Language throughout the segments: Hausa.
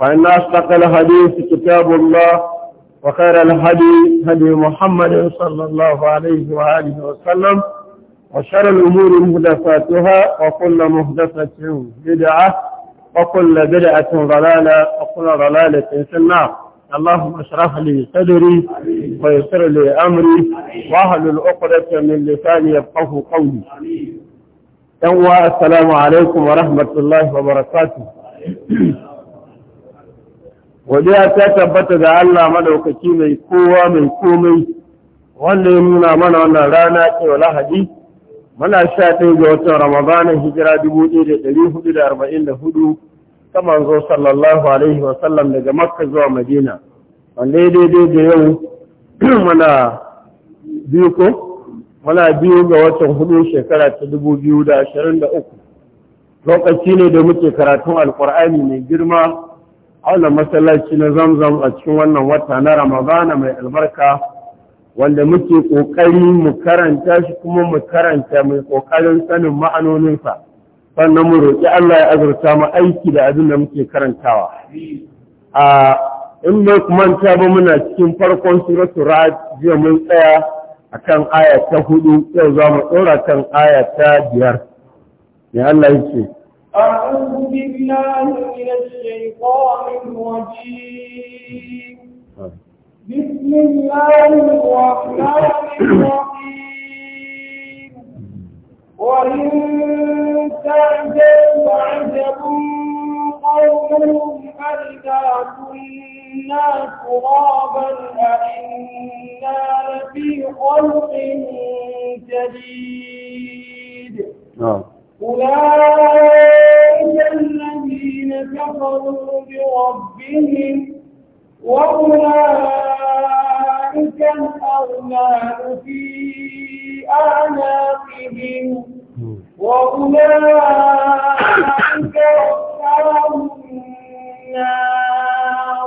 فإن أصدق الحديث كتاب الله وخير الهدي هدي محمد صلى الله عليه وآله وسلم وشر الأمور مهدفاتها وكل مهدفة بدعة وكل بدعة ضلالة وكل ضلالة في النار اللهم اشرح لي صدري ويسر لي أمري وأهل العقدة من لساني يفقه قولي السلام عليكم ورحمة الله وبركاته godiya ta tabbata ga Allah madaukaki mai kowa mai komai wanda ya nuna mana wannan rana ce wa lahadi muna sha ɗaya ga watan ramadana hijira dubu ɗaya da ɗari hudu da arba'in da hudu ta manzo sallallahu alaihi wa sallam daga makka zuwa madina wanda ya daidai da yau muna biyu ko muna biyu ga watan hudu shekara ta dubu biyu da ashirin da uku lokaci ne da muke karatun alkur'ani mai girma auna masallaci na zamzam a cikin wannan wata na ramadana mai albarka wanda muke kokari mu karanta shi kuma mu karanta mai kokarin sanin ma'anoninsa sannan mu roƙi Allah ya azurta mu aiki da abin da muke karantawa a in mai manta ba muna cikin farkon suratul ra'd jiya mun tsaya akan aya ta hudu yau za mu ɗora kan aya ta biyar me Allah yake أعوذ بالله من الشيطان الرجيم آه. بسم الله الرحمن الرحيم وإن تعجب عجب قولهم أئذا كنا ترابا أئنا لفي خلق جديد آه. أولئك الذين كفروا بربهم وأولئك الأغلال في أعناقهم وأولئك أصحاب النار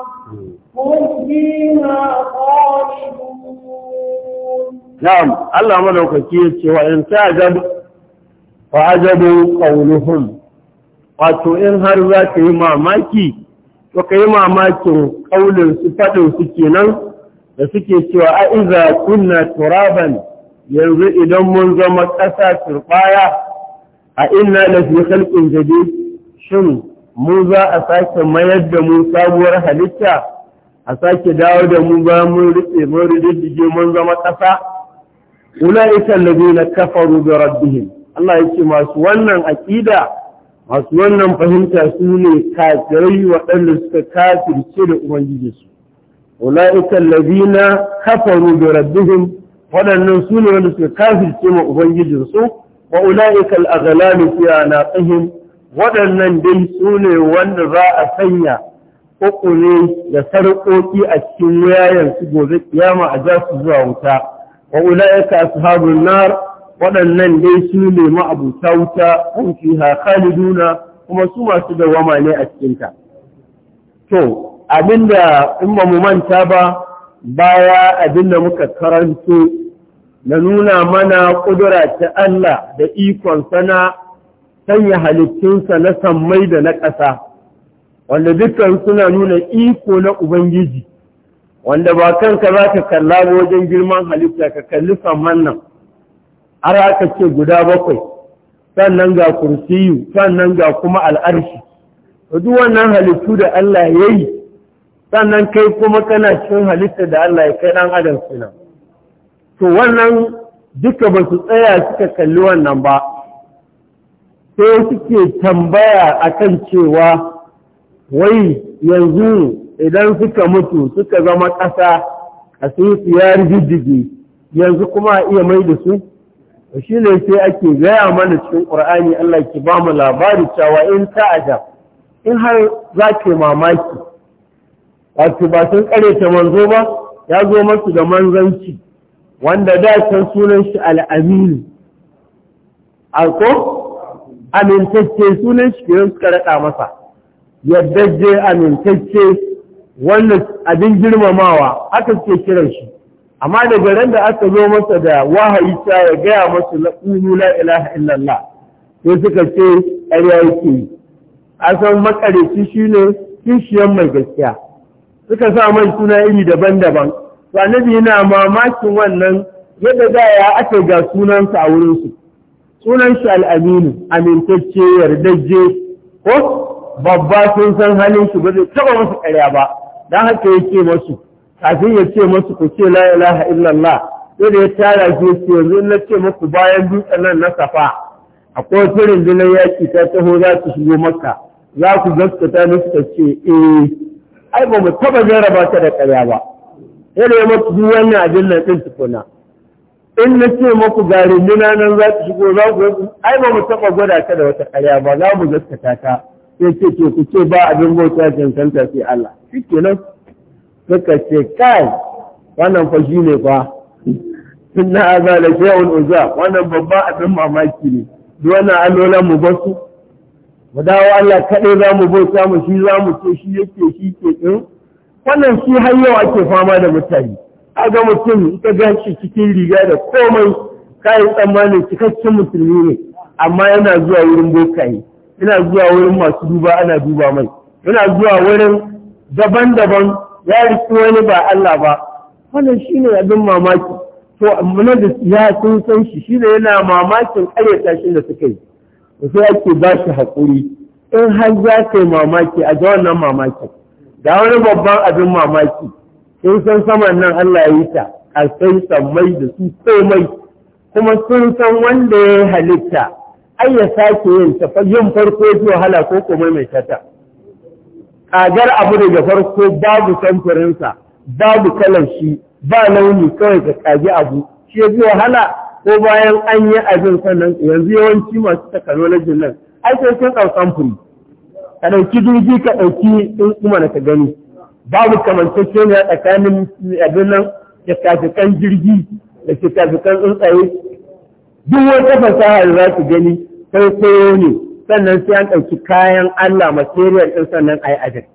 هم فيها خالدون نعم الله ملوكك يتشوى إن تعجب fa ajabu qawluhum wato in har za ka yi mamaki to ka mamakin kaulin su fadin su kenan da suke cewa a iza kunna turaban yanzu idan mun zama ƙasa turbaya a inna la fi khalqin jadid shin mu za a sake mayar da mu sabuwar halitta a sake dawo da mu ba mun rufe mun rididdige mun zama ƙasa ulaika na kafaru bi rabbihim Allah ya ce masu wannan aƙida masu wannan fahimta su ne kafirai waɗanda suka kafirce da ubangijinsu ula'ika allazina kafaru da rabbihim waɗannan su ne wanda suka kafirce ma ubangijinsu wa ula'ika al'aghlalu fi anaqihim waɗannan dai su ne wanda za a sanya ƙuƙune da sarƙoƙi a cikin wayayen su gobe kiyama a jasu zuwa wuta wa ula'ika ashabun nar waɗannan dai su ne ma'abuta wuta an fiha khaliduna kuma su masu dawama ne a cikinta to abinda in ba mu manta ba baya abinda muka karanto na nuna mana ƙudura ta Allah da ikonsa na sanya halittunsa na sammai da na ƙasa wanda dukkan suna nuna iko na Ubangiji wanda ba kanka za ka kalla wajen girman halitta ka kalli samman nan har aka ce guda bakwai sannan ga kursiyu sannan ga kuma al'arshi duk wannan halittu da Allah ya yi sannan kai kuma kana cikin halitta da Allah ya kai ɗan adam suna to wannan duka ba su tsaya suka kalli wannan ba sai suke tambaya akan cewa wai yanzu idan suka mutu suka zama ƙasa a sun siyar jijjigi yanzu kuma a iya mai da su to shi ne sai ake gaya mana cikin ƙur'ani Allah ke ba mu labari cewa in ta'aja in har za ke mamaki su ba sun kare ta manzo ba ya zo masu da manzanci wanda da can sunan shi al'aminu alko amintacce sunan shi kiran suka raɗa masa yadda je amintacce wannan abin girmamawa aka suke kiran shi amma da ran da aka zo masa da wahayi ta ya gaya masa la qulu la illallah sai suka ce ƙarya yake asan shi ne kishiyan mai gaskiya suka sa mai suna iri daban-daban to annabi yana mamakin wannan yadda da ya aka ga sunansa a wurin su sunan shi al-aminu amintacce yardajje ko babba sun san halin shi ba zai taba masa ƙarya ba dan haka yake masu kafin ya ce masu ku ce la ilaha illallah sai da ya tara ke ya ce yanzu na ce maku bayan dutsen nan na safa akwai wasu rundunar yaƙi ta taho za su shigo maka, za ku gaskata na suka ce eh ai ba mu taɓa jarraba ta da ƙarya ba sai da ya maku duk wannan abin nan ɗin tukuna in na ce maku ga runduna nan za su shigo za ku ai ba mu taɓa gwada ta da wata ƙarya ba za mu gaskata ta sai ce to ku ce ba abin bauta cancanta sai Allah shi kenan suka ce kai wannan fa shi ne fa inna hadha la shay'un uzza wannan babba abin mamaki ne duk wannan alola mu su? mu dawo Allah kaɗai za mu bauta mu shi za mu ce shi yake shi ke din wannan shi har yau ake fama da mutane a ga mutum ita ga shi cikin riga da komai kayan tsammani cikakken musulmi ne amma yana zuwa wurin bokaye yana zuwa wurin masu duba ana duba mai yana zuwa wurin daban-daban ya riki wani ba Allah ba wannan shine abin mamaki to amma da ya sun san shi shine yana mamakin ƙarya tashin da suka yi Da sai ake ba shi haƙuri in har za ka yi mamaki a ga wannan mamaki da wani babban abin mamaki sun san saman nan Allah ya yi ta a sai sammai da su komai kuma sun san wanda ya yi halitta ai ya sake yin ta farko ya wahala ko komai mai tata agar abu daga farko babu samfurinsa babu kalar shi ba launi kawai ka kage abu shi ya biyo hana ko bayan an yi abin sannan yanzu yawanci masu takanolajin nan ai sai sun ɗau samfuri ka ɗauki jirgi ka ɗauki in kuma na ka gani babu kamantacce ne tsakanin abin nan da kafikan jirgi da kafikan tsuntsaye duk wata fasaha da za ku gani sai koyo ne sannan sai an ɗauki kayan Allah material ɗin sannan a yi ajin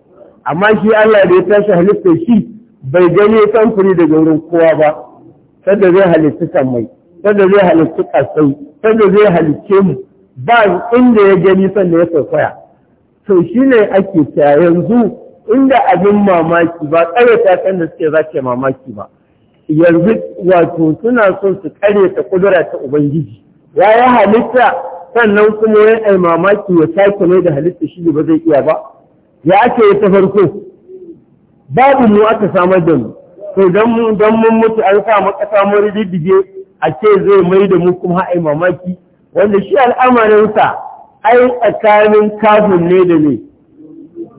amma shi Allah da ya tashi halitta shi bai gani samfuri daga wurin kowa ba sadda zai halitta sammai sadda zai halitta ƙasai sadda zai halicce mu ba inda ya gani sannan ya kwaikwaya to shi ne ake ta yanzu inda abin mamaki ba ƙaryata kan da suke za mamaki ba yanzu wato suna son su ta kudura ta ubangiji ya yi halitta sannan kuma wani ai mamaki wa sake ne da halitta shi ba zai iya ba ya ake yi ta farko babu mu aka samar da mu to dan mu mun mutu an sa mu kasa mu a ce zai mai da mu kuma ai mamaki wanda shi al'amarin sa ai tsakanin kafin ne da ne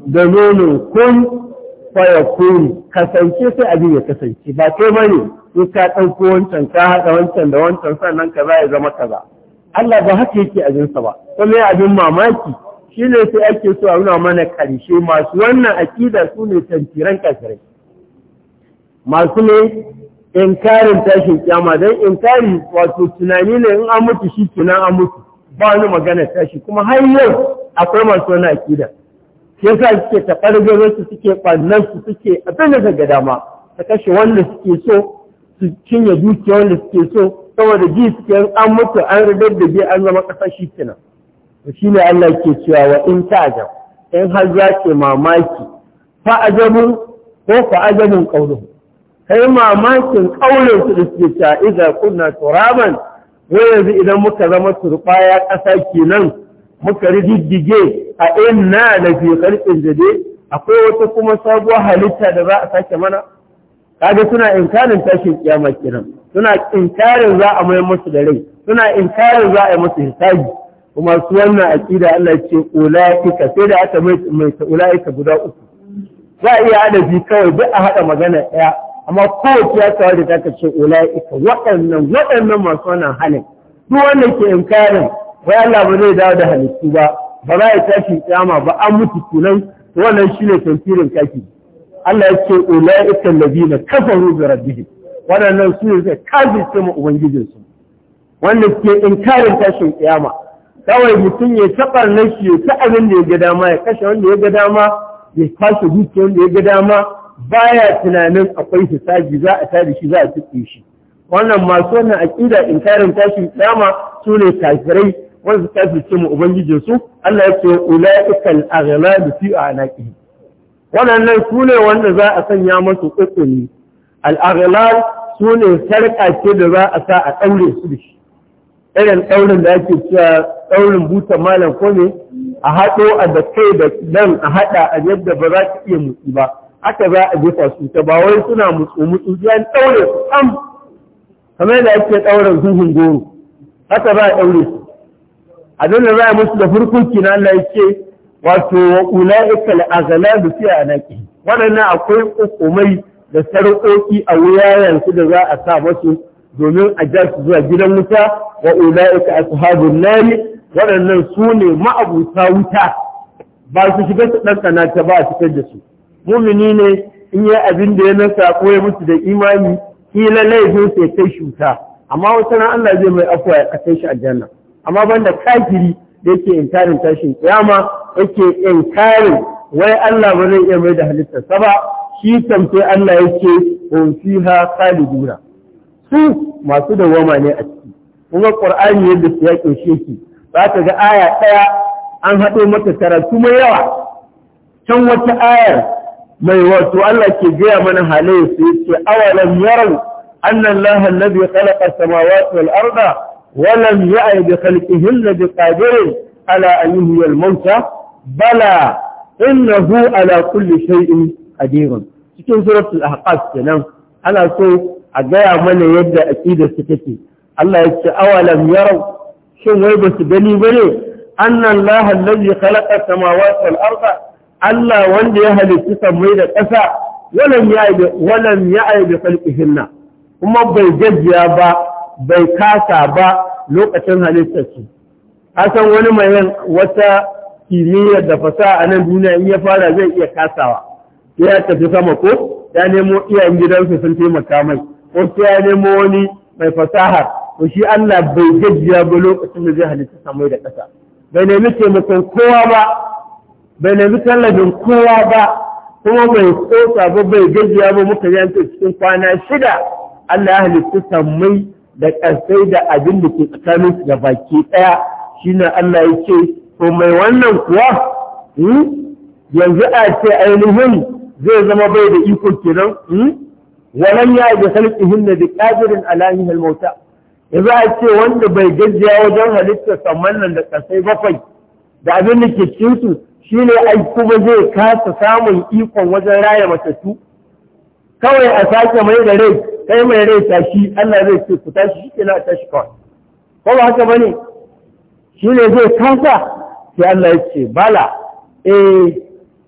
da nono kun kun kasance sai abin ya kasance ba kai bane in ka ɗauko wancan ka haɗa wancan da wancan sannan ka kaza ya zama kaza Allah ba haka yake abinsa ba kuma ya abin mamaki shi ne sai ake so a nuna mana karshe masu wannan aƙida su ne tantiran kasar. masu ne inkarin tashin kyama don inkari wato tunani ne in an mutu shi tunan an mutu ba wani magana tashi kuma har yau akwai masu wani aƙida shi yasa suke taɓargarar su suke ɓannan su suke abin da daga dama ta kashe wanda suke so su cinye dukiya wanda suke so saboda ji suke an mutu an rigar da bi an zama ƙasa shi kenan shi ne Allah ke cewa wa in ta'jab in har za ke mamaki fa'ajabun ko fa'ajabun qawluhu kai mamakin ƙaunar su da suke cewa idza kunna turaban wai yanzu idan muka zama turbaya ƙasa kenan muka rididdige a inna da fi khalqin jadid akwai wata kuma sabuwar halitta da za a sake mana kaga suna inkarin tashin kiyama kiran suna inkarin za a mai musu da rai suna inkarin za a yi musu hisabi kuma su wannan aqida Allah ce ulaika sai da aka mai mai ulaika guda uku za a iya adabi kawai duk a hada magana daya amma ki ya tsare da ta ce ulaika waɗannan waɗannan masu wannan halin duk wanda ke inkarin wai Allah ba zai dawo da halittu ba ba za a tashin kiyama ba an mutu kunan wannan shine tantirin kafiri Allah yake ulaika alladhina kafaru bi rabbihim waɗannan su ne suka kafirce mu ubangijinsu wanda suke inkarin tashin kiyama kawai mutum ya taɓa nashi ya ta abin da ya ga dama ya kashe wanda ya ga dama ya kashe dukiya wanda ya ga dama baya tunanin akwai hisabi za a tada shi za a tuƙe shi wannan masu wannan aƙida inkarin tashin kiyama su ne kafirai wanda su kafirce mu ubangijinsu Allah ya ce da aghlalu fi anaqihim waɗannan su ne wanda za a sanya masu tsutsuni al'aghlal su ne sarƙa da za a sa a ɗaure su da shi irin ɗaurin da ake cewa ɗaurin buta malam ko ne a haɗo a da kai da nan a haɗa a yadda ba za ka iya mutu ba haka za a jefa su ta ba wai suna mutu-mutu. ya ɗaure su am kamar da ake ɗaurin zuhun goro haka za a ɗaure su abin da za a musu da furkunki na Allah ya ce wato wa ula'ika da fi anaqi waɗannan akwai hukumai da sarƙoƙi a su da za a sa masu domin a ja su zuwa gidan wuta wa ula'ika ashabun nari waɗannan su ne ma'abuta wuta ba su shiga su ɗanɗana ta ba a fitar da su mumini ne in yi abin da ya nasa ko ya mutu da imani kila laifin sai kai shuta amma wata Allah zai mai afuwa ya kai shi aljanna amma banda kafiri da yake inkarin tashin kiyama yake inkarin wai Allah ba zai iya mai da halittarsa ba shi tamfe Allah yake hum fiha khaliduna su masu dawama ne a ciki kuma qur'ani yadda su yake sheki za ka ga aya ɗaya an haɗo mata karatu mai yawa can wata ayar mai wato Allah ke gaya mana halayya su yake awalan yarau anna Allah alladhi khalaqa as-samawati wal arda ولم يأي بخلقهن بقادر على أن يهي الموتى بلى إنه على كل شيء قدير cikin suratul ahqaf kenan ana so a gaya mana yadda aqidar su take Allah ya ce awalam yarau shin wai ba su gani bane annan laha allazi khalaqa samawati wal arda Allah wanda ya halitta samai da ƙasa walam ya'i walam ya'i kuma bai gajiya ba bai kasa ba lokacin halittarsu asan wani mai yin wata kimiyyar da fasa a nan duniya in ya fara zai iya kasawa ya tafi sama ko ya nemo iyayen gidansu sun taimaka mai ko ya nemo wani mai fasahar ko shi Allah bai gajiya ba lokacin da zai halitta samai da ƙasa bai nemi taimakon kowa ba bai nemi tallafin kowa ba kuma mai tsotsa ba bai gajiya ba muka yanta cikin kwana shida Allah ya halitta samai da ƙasai da abin da ke tsakanin da baki ɗaya shi ne Allah ya ce to mai wannan kuwa hmm, yanzu a ce ainihin zai zama bai da iko kenan hmm, Wannan ya ga na da qadirin ala halmauta. mauta yanzu a ce wanda bai gajiya wajen halitta saman nan da ƙasai bakwai da abin da ke cikin su shine ai kuma zai kasa samun ikon wajen raya matattu kawai a sake mai da rai kai mai rai tashi Allah zai ce ku tashi shi kenan a tashi kawai ko ba haka bane shi ne zai kasa sai Allah ya ce bala eh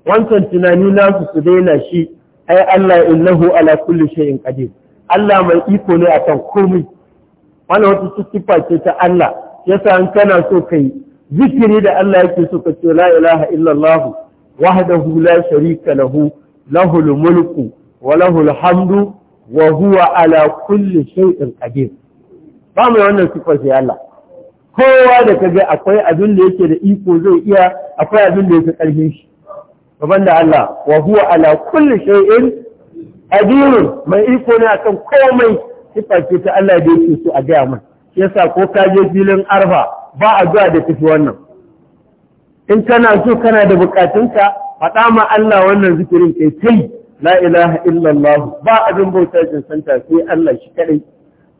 wancan tunani nasu su daina shi ai Allah innahu ala kulli shay'in qadir Allah mai iko ne akan komai wannan wata sifa ce ta Allah yasa an kana so kai zikiri da Allah yake so ka ce la ilaha illallah wahdahu la sharika lahu lahul mulku walahul hamdu wa huwa ala kulli shay'in qadir ba mu wannan sifar sai Allah kowa da kaga akwai abin da yake da iko zai iya akwai abin da yake karfin shi gaban da Allah wa huwa ala kulli shay'in qadir mai iko ne akan komai sifar ce ta Allah da yake so a ga mun shi yasa ko ka je filin arfa ba a zuwa da kifi wannan in kana so kana da bukatunka faɗa ma Allah wannan zikirin kai kai la ilaha illallah ba abin bauta cancanta sai Allah shi kaɗai.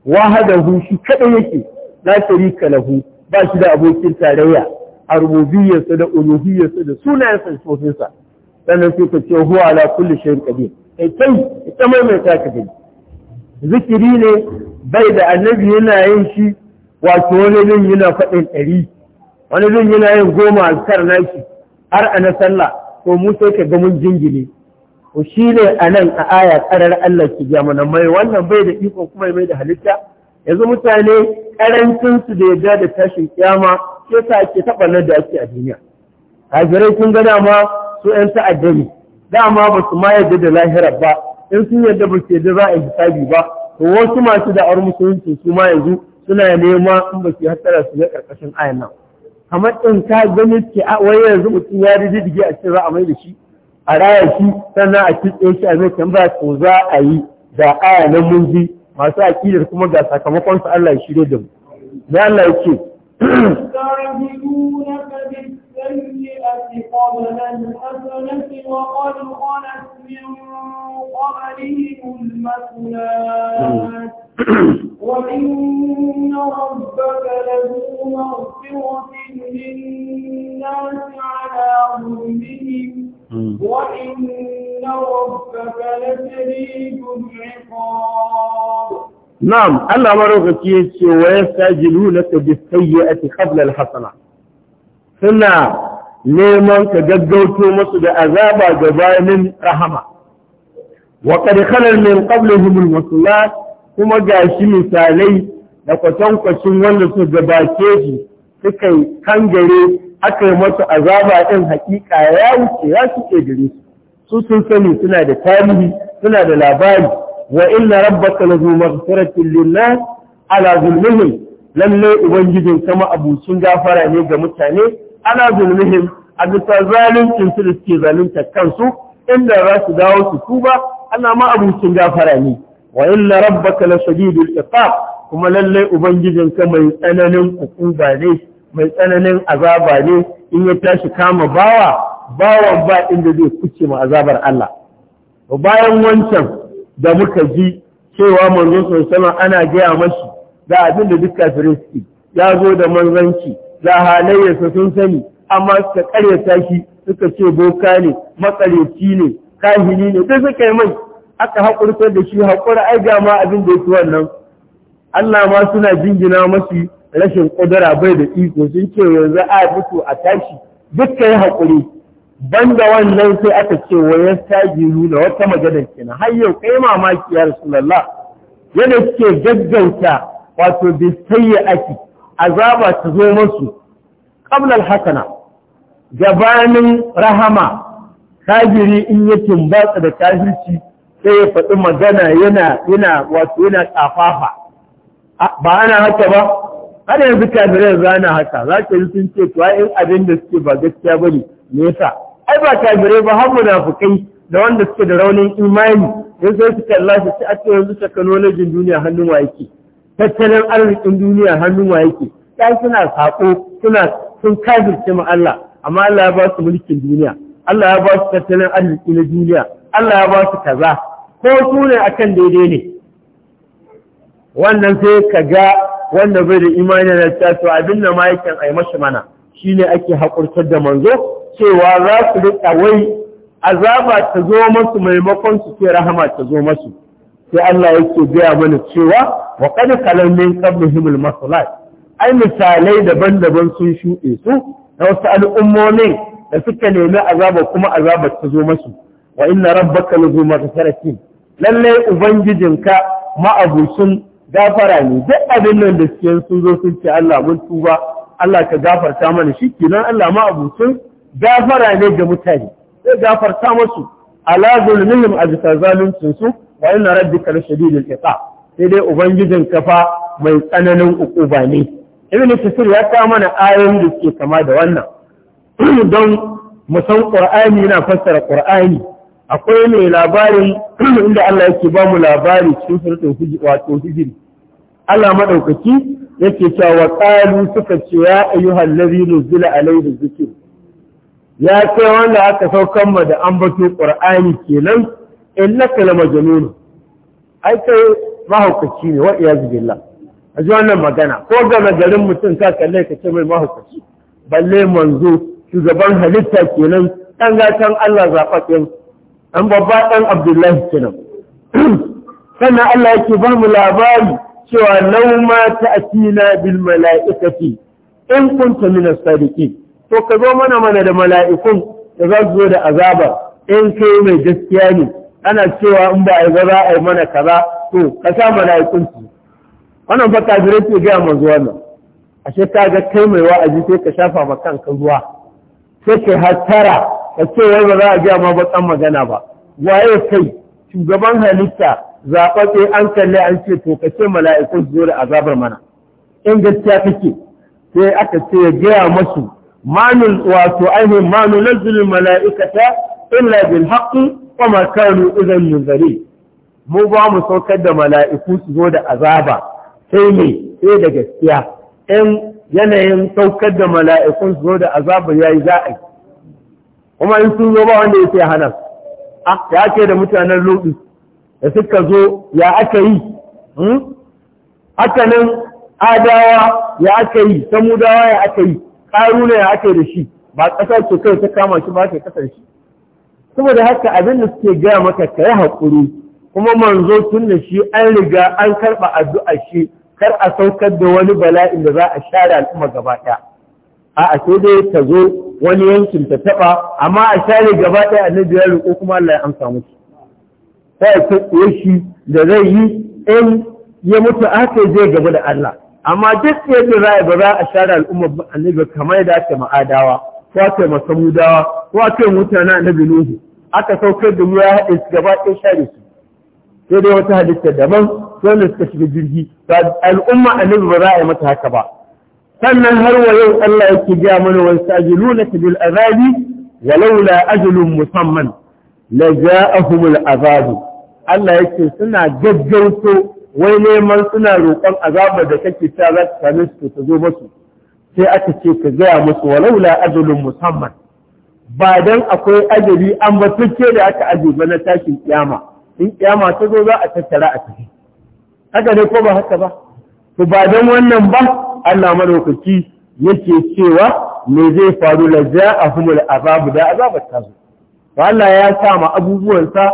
wahadahu shi kaɗai yake la sharika lahu ba shi da abokin tarayya a rububiyarsa da uluhiyarsa da sunayensa da sofinsa sannan sai ka ce huwa ala kulli shay'in qadir kai kai ita mai mai ka gani zikiri ne bai da annabi yana yin shi wato wani din yana faɗin ɗari wani din yana yin goma alkar nashi har a na sallah to mu sai ka ga mun jingine Ku shi ne a nan a aya karar Allah ki ga mana mai wannan bai da iko kuma mai da halitta yanzu mutane karancin su da yadda da tashin kiyama ke sa ake taba nan da ake a duniya kafirai kun ga dama su yan ta'adda ne dama ba su ma yadda da lahira ba in sun yadda ba su yadda za a hisabi ba Ko wasu masu da'awar musulunci su ma yanzu suna nema in ba su hasara su ga karkashin ayan nan kamar in ka gani ke a wai yanzu mutum ya rijidige a cikin za a mai da shi a raya shi sannan a kitse shi a zai tambaya ko za a yi da aya munzi, masu aƙidar kuma ga sakamakon su Allah ya da mu da Allah ya ce وإن ربك لذو مغفرة للناس على ظلمهم وإن ربك لشديد ya sa الله na يشي ويستعجلونك بالسيئة قبل Hassana. Suna neman ka gaggauto masu da azaba gabanin rahama wa karkarar min qablihim al-musallat kuma gashi misalai da kwatankwacin wanda su gabace shi suka kangare aka yi masu azaba ɗin hakika ya wuce ya shuɗe gare su su sun sani suna da tarihi suna da labari wa inna rabbaka la zu maghfiratin ala zulmihim lalle ubangijin kama sun gafara ne ga mutane ala zulmihim a bisa zaluncin su da suke zalunta kansu inda za su dawo su tuba ana ma sun gafara ne wa inna rabbaka la shadidul iqab kuma lalle ubangijin ka mai tsananin hukuma ne mai tsananin azaba ne in ya tashi kama bawa bawan ba inda zai kuce ma azabar Allah bayan wancan da muka ji cewa manzon sama ana gaya mashi za abin da duk kafirin suke ya zo da manzanci za halayyarsa sun sani amma suka karyata shi suka ce boka ne makareci ne kahini ne duk suka yi mai aka haƙurtar da shi haƙura ai ga ma abin da yake wannan Allah ma suna jingina masu rashin ƙudura bai da iko sun ce yanzu a mutu a tashi dukka yi haƙuri banda wannan sai aka ce wa ya sage nuna wata maganar kina har yau kai mamaki ya rasulullah yadda suke gaggauta wato bisayya aki azaba ta zo masu qablal hakana gabanin rahama kafiri in ya tumbatsa da kafirci sai ya faɗi magana yana wato yana kafafa ba ana haka ba har yanzu kafirai za na haka za ka yi sun ce tuwa in abin da suke ba gaskiya ba ne me yasa ai ba kafirai ba har munafukai da wanda suke da raunin imani in sai su kalla su ci ake yanzu jin duniya hannun wa yake tattalin arzikin duniya hannun wa yake kai suna sako suna sun kafirce ma Allah amma Allah ya ba su mulkin duniya Allah ya ba su tattalin arziki na duniya Allah ya ba su kaza ko su ne akan daidai ne wannan sai ka ga wanda bai da imani na cewa to abin da ma'aikin ai mashi mana shine ake haƙurtar da manzo cewa za su riƙa wai azaba ta zo masu maimakon su ce rahama ta zo masu sai Allah yake biya mana cewa wa qad kalam min qablihim al ai misalai daban-daban sun shuɗe su na wasu al'ummomin da suka nemi azaba kuma azaba ta zo masu wa inna rabbaka lazu maghfiratin lalle ubangijinka ma'abucin gafara ne duk abin nan da suke sun zo sun ce Allah mun tuba Allah ka gafarta mana shi kenan Allah ma abucin gafara ne ga mutane sai gafarta musu ala zulmihim a bisa zaluncin su wa inna rabbika lashadidul iqa sai dai ubangijin kafa mai tsananin ukuba ne ibn kasir ya ka mana ayoyin da suke kama da wannan don mu san qur'ani na fassara qur'ani akwai mai labarin inda Allah yake ba mu labari cikin suratul hijr wato hijr Allah madaukaki yake cewa qalu suka ce ya ayyuhal ladhi nuzila alayhi dhikr ya ce wanda aka saukan ma da ambato qur'ani kenan innaka la majnun ai kai mahaukaci ne wa iyaz billah aji wannan magana ko ga garin mutum ka kalle ka ce mai mahaukaci balle manzo shugaban halitta kenan dan gatan Allah zafafen an babba ɗan abdullahi kenan sannan Allah yake ba mu labari cewa lauma ta asina bil mala'ikati in kunta min as sadiqi to ka zo mana mana da mala'ikun da za su zo da azaba in kai mai gaskiya ne ana cewa in ba a ga za a yi mana kaza to ka sa mala'ikun su wannan fa kafirai ke ga manzo wannan ashe ka ga kai mai wa'azi sai ka shafa ma kanka ruwa sai ka hattara ka ce wai ba za a gaya ma bakan magana ba waye kai shugaban halitta zaɓaɓe an kalle an ce to ka ce mala'ikun zo da azabar mana in gaskiya kake sai aka ce ya gaya masu manul wato ainihin manul nazulul mala'ikata illa bil haqqi wa ma kanu idan mu ba mu saukar da mala'iku su zo da azaba sai ne sai da gaskiya in yanayin saukar da mala'ikun su zo da azaba yayi za a yi kuma in sun zo ba wanda ya hana ah, ya ke da mutanen lobi da suka zo ya aka yi hmm? Hakanan adawa ya aka yi samudawa ya aka yi karuna ya aka yi da shi ba ƙasar ce kai ta kama shi ba ta kasar shi saboda haka abin da suke gaya maka ka yi haƙuri kuma manzo tun da shi an riga an karɓa addu'a shi kar a saukar da wani bala'in da za a share al'umma gaba ɗaya a'a sai dai ta zo wani yankin ta taba amma a share gaba ɗaya annabi ya roƙo kuma Allah ya amsa musu sai ta shi da zai yi in ya mutu aka zai gaba da Allah amma duk sai da ra'ayi ba za a share al'ummar annabi kamar yadda ake ma'adawa ko ake masamudawa ko ake mutanen annabi nuhu aka saukar da ruwa haɗe su gaba ɗaya share su sai dai wata halitta daban wanda suka shiga jirgi al'umma annabi ba za a yi mata haka ba sannan har wa yau Allah yake ja mana wa yastajiluna bil azabi walaula ajlun musamman la ja'ahum al azab Allah yake suna gaggauto wai neman suna roƙon azabar da kake ta za ta same su ta zo musu sai aka ce ka gaya musu walaula ajlun musamman ba dan akwai ajali an batacce da aka aje ba na tashin kiyama in kiyama ta zo za a tattara a tafi haka ne ko ba haka ba to ba don wannan ba Allah madaukaki yake cewa me zai faru la ja'ahumul azabu da azabat tazu to Allah ya sa ma sa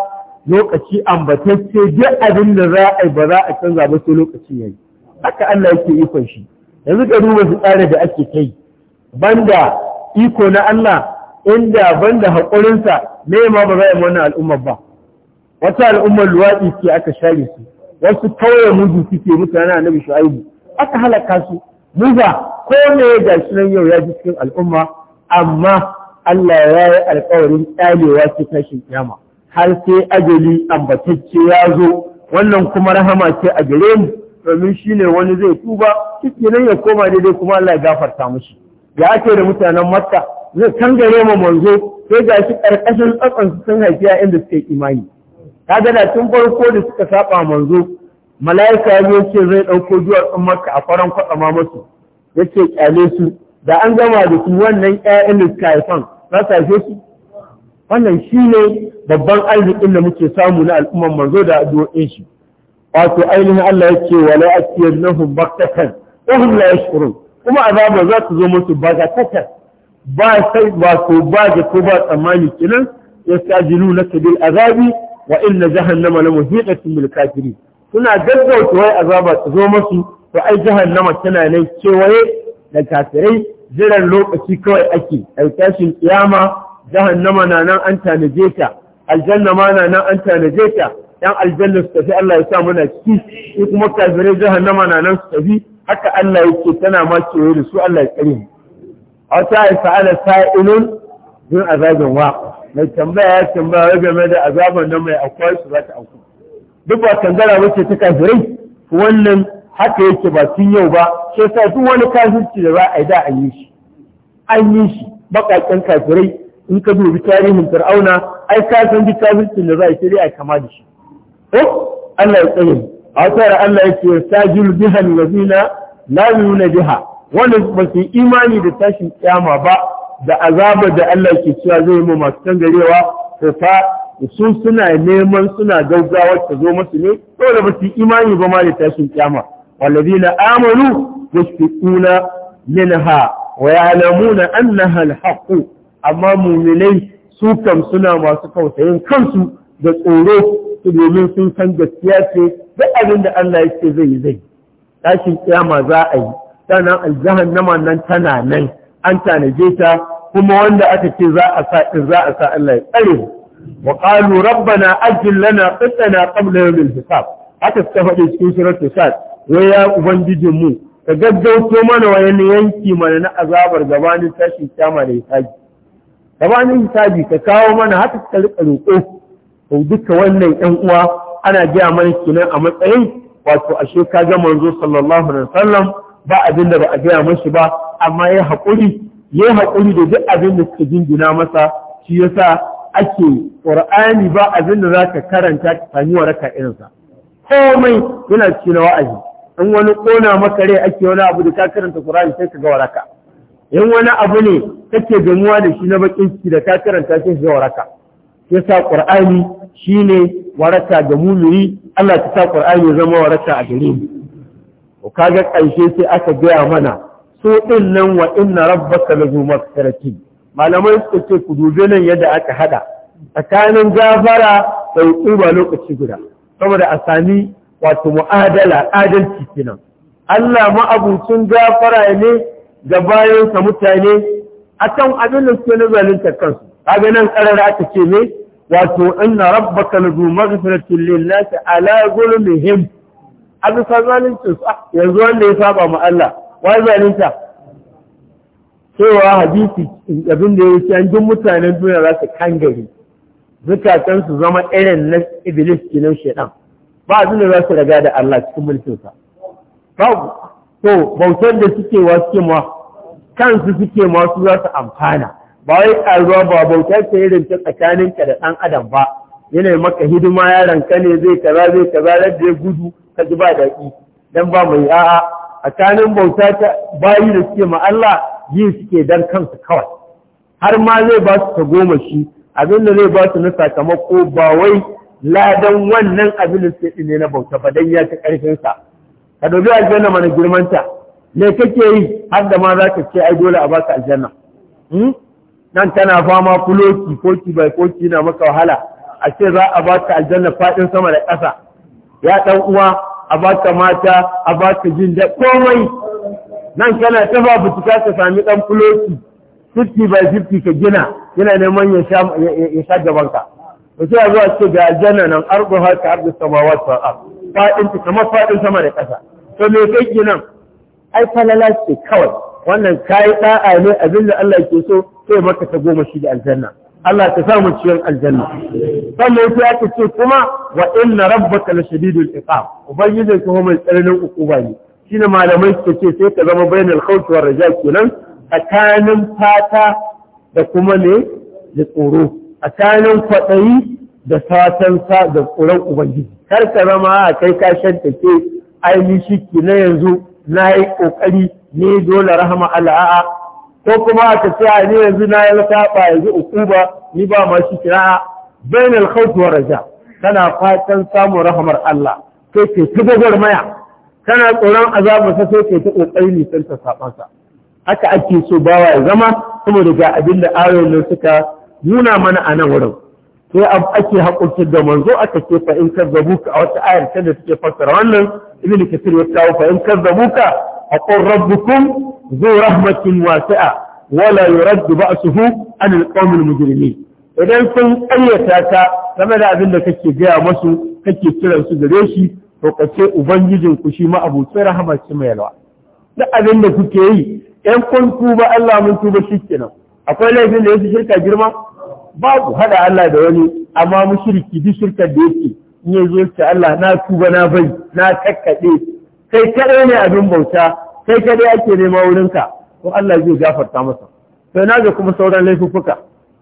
lokaci ambatacce duk abin da za a ba za a canza ba sai lokaci yayi haka Allah yake ikon shi yanzu ka duba su tsare da ake kai banda iko na Allah inda banda hakurinsa ne ma ba za a yi wannan al'ummar ba wata al'ummar luwaɗi ce aka share su wasu kawai mudu suke mutanen annabi shu'aibu aka halaka su muza ko me ya gashi nan yau ya ji cikin al'umma amma Allah ya yi alƙawarin ƙalewa ce tashin kiyama har sai ajali ambatacce ya zo wannan kuma rahama ce a gare mu domin shi ne wani zai tuba ciki nan ya koma daidai kuma Allah ya gafarta mushi ya ake da mutanen makka zai gare mu manzo sai gashi ƙarƙashin tsatsan sun haifi a inda suke imani kaga da tun farko da suka saba manzo mala'ika ya ce zai dauko duwatsun makka a faran kwatsama musu yace kyale su da an gama da su wannan ƴaƴan da suka haifan za su haife su wannan shine babban arzikin da muke samu na al'umman manzo da addu'o'in shi wato ainihin Allah yake wala atiyannahum baktatan wa hum la yashkurun kuma azaba za ta zo musu ba ga takar ba sai ba ko ba ga ko ba tsammani kinan na laka a azabi wa inna jahannama la muhiqatun bil kafirin suna gaggauta wai azaba ta zo masu to ai jahannama tana nan kewaye da kafirai jiran lokaci kawai ake ai tashin kiyama jahannama na nan an tanaje ta aljanna ma na nan an tanaje ta dan aljanna su tafi Allah ya sa muna ciki shi kuma kafirai jahannama na nan su tafi haka Allah yake tana ma kewaye da su Allah ya tsare mu a wata sa'ilun bin azabin wa. mai tambaya ya tambaya game da azaban na mai akwai su za ta auku duk ba kangara wace ta kafirai wannan haka yake ba tun yau ba shi yasa duk wani kafirci da za a yi da an yi shi an yi shi bakakken kafirai in ka dubi tarihin fir'auna ai ka san duk kafircin da za a yi sai a kama da shi eh Allah ya tsare a tsara Allah ya ce sajil bihan wazina la nuna biha wannan ba su imani da tashin kyama ba da azabar da Allah ke cewa zai mu masu tangarewa to fa su suna neman suna gaggawar ta zo musu ne dole ba su imani ba ma da tashin kiyama walladina amanu yashfiquna minha wa ya'lamuna annaha alhaq amma mu'minai su kam suna masu kautayin kansu da tsoro su domin sun san gaskiya ce duk abin da Allah yake zai yi zai tashin kiyama za a yi sannan aljahannama nan tana nan an tanaje ta kuma wanda aka ce za a sa in za a sa Allah ya tsare mu wa qalu rabbana ajil lana qitana qabla yawmil hisab aka ta faɗi cikin suratul sad wai ya ubangijin mu ka gaggauto mana wayan yanki mana na azabar gabanin tashin kyama da hisabi gabanin hisabi ka kawo mana haka ka rika roƙo to duka wannan 'yan uwa ana gaya mana kinan a matsayin wato ashe ka ga manzo sallallahu alaihi wasallam ba abin da ba a gaya mashi ba amma ya haƙuri ya haƙuri da duk abin da suka jingina masa shi ya sa ake ƙur'ani ba abin da za ka karanta ka sami waraka irinsa komai yana na wa'azi in wani ƙona maka rai ake wani abu da ka karanta ƙur'ani sai ka ga waraka in wani abu ne kake gamuwa da shi na bakin ciki da ka karanta sai ka ga waraka yasa ƙur'ani shine waraka ga mumini Allah ta sa ƙur'ani ya zama waraka a gare mu to kaga ƙarshe sai aka gaya mana su ɗin nan wa inna rabbaka la zu malamai suka ce ku dube nan yadda aka haɗa tsakanin gafara da ɗuba lokaci guda saboda a sami wato mu'adala adalci kenan Allah ma'abucin gafara ne ga bayansa mutane akan abin da suke na zalunta kansu kaga nan karara aka ce ne wato inna rabbaka la zu lillahi ala zulmihim an san zalincin su ah, yanzu wanda ya saba ma Allah wai zalinta cewa hadisi abin da yake an duk mutanen duniya za su kangare zukatan su zama irin na iblis kinan shedan ba abin da za su raga da Allah cikin mulkin sa ba to bautar da suke wa suke ma kansu suke ma su za su amfana ba wai karuwa ba bautar ta irin ta tsakaninka da dan adam ba yana maka hidima yaron ka ne zai kaza zai kaza da ya gudu ka ji ba daɗi dan ba mai a'a a kanin bauta ta bayi da suke ma Allah yi suke dan kansu kawai har ma zai ba su shi, abin da zai ba su na sakamako ba wai ladan wannan abin da suke ne na bauta ba dan ya ta ƙarfinsa. ka dobi aljanna mana girmanta me kake yi har da ma za ka ce ai dole a baka aljanna hmm? nan tana fama kuloki koki bai koki na maka wahala a ce za a baka aljanna faɗin sama da ƙasa ya ɗan uwa a baka mata a baka jin da komai nan kana ta ba ka sami ɗan fuloki 50 by 50 ka gina yana neman ya sha gaban ka. to sai a zuwa ce ga aljanna nan argo har ka argo samawa ta ar faɗin ta kamar fadin sama da ƙasa to me kai ginan ai falala ce kawai wannan kai ɗa'a ne abinda Allah ke so sai maka ta goma shi da aljanna Allah ta samu ciwon aljanna sannan ya ta ce kuma wa inna rabbaka la shadidul iqab ubangijin kuma mai tsananin ukuba ne shine malamai suke ce sai ka zama bainal khawfi war raja kenan tsakanin fata da kuma ne da tsoro tsakanin kwaɗayi da fatan sa da tsoron ubangiji kar ka zama a kai ka shanta ke ainihin shi na yanzu na yi ƙoƙari ne dole rahama Allah a'a ko kuma aka ce a ni yanzu na yalkaɓa yanzu uku ba ni ba ma shi kira bainal khawf wa raja kana fatan samun rahamar Allah sai ke ta maya, kana tsoron azabar sa sai ke ta kokari ne san ta saban haka ake so bawa ya zama saboda ga abin da ayoyin nan suka nuna mana a nan wurin sai ake hakuntar da manzo aka ce fa kazzabuka a wata ayar da take fassara wannan ibn kasir ya kawo fa in a aqul rabbukum Zo ذو رحمة واسعة ولا يرد بأسه عن القوم المجرمين idan sun ƙaryata ta game da abin da kake gaya masu kake kiran su gare shi to ka ce ubangijin ku shi ma abokin rahama ce mai yalwa duk abin da kuke yi yan kun tuba Allah mun tuba shi kenan akwai laifin da yake shirka girma babu haɗa Allah da wani amma mushriki duk shirkar da yake in ya zo Allah na tuba na bai na kakkade kai kaɗai ne abin bauta kai kadai ake nema wurinka ko Allah zai gafarta masa Sai na ga kuma sauran laifuffuka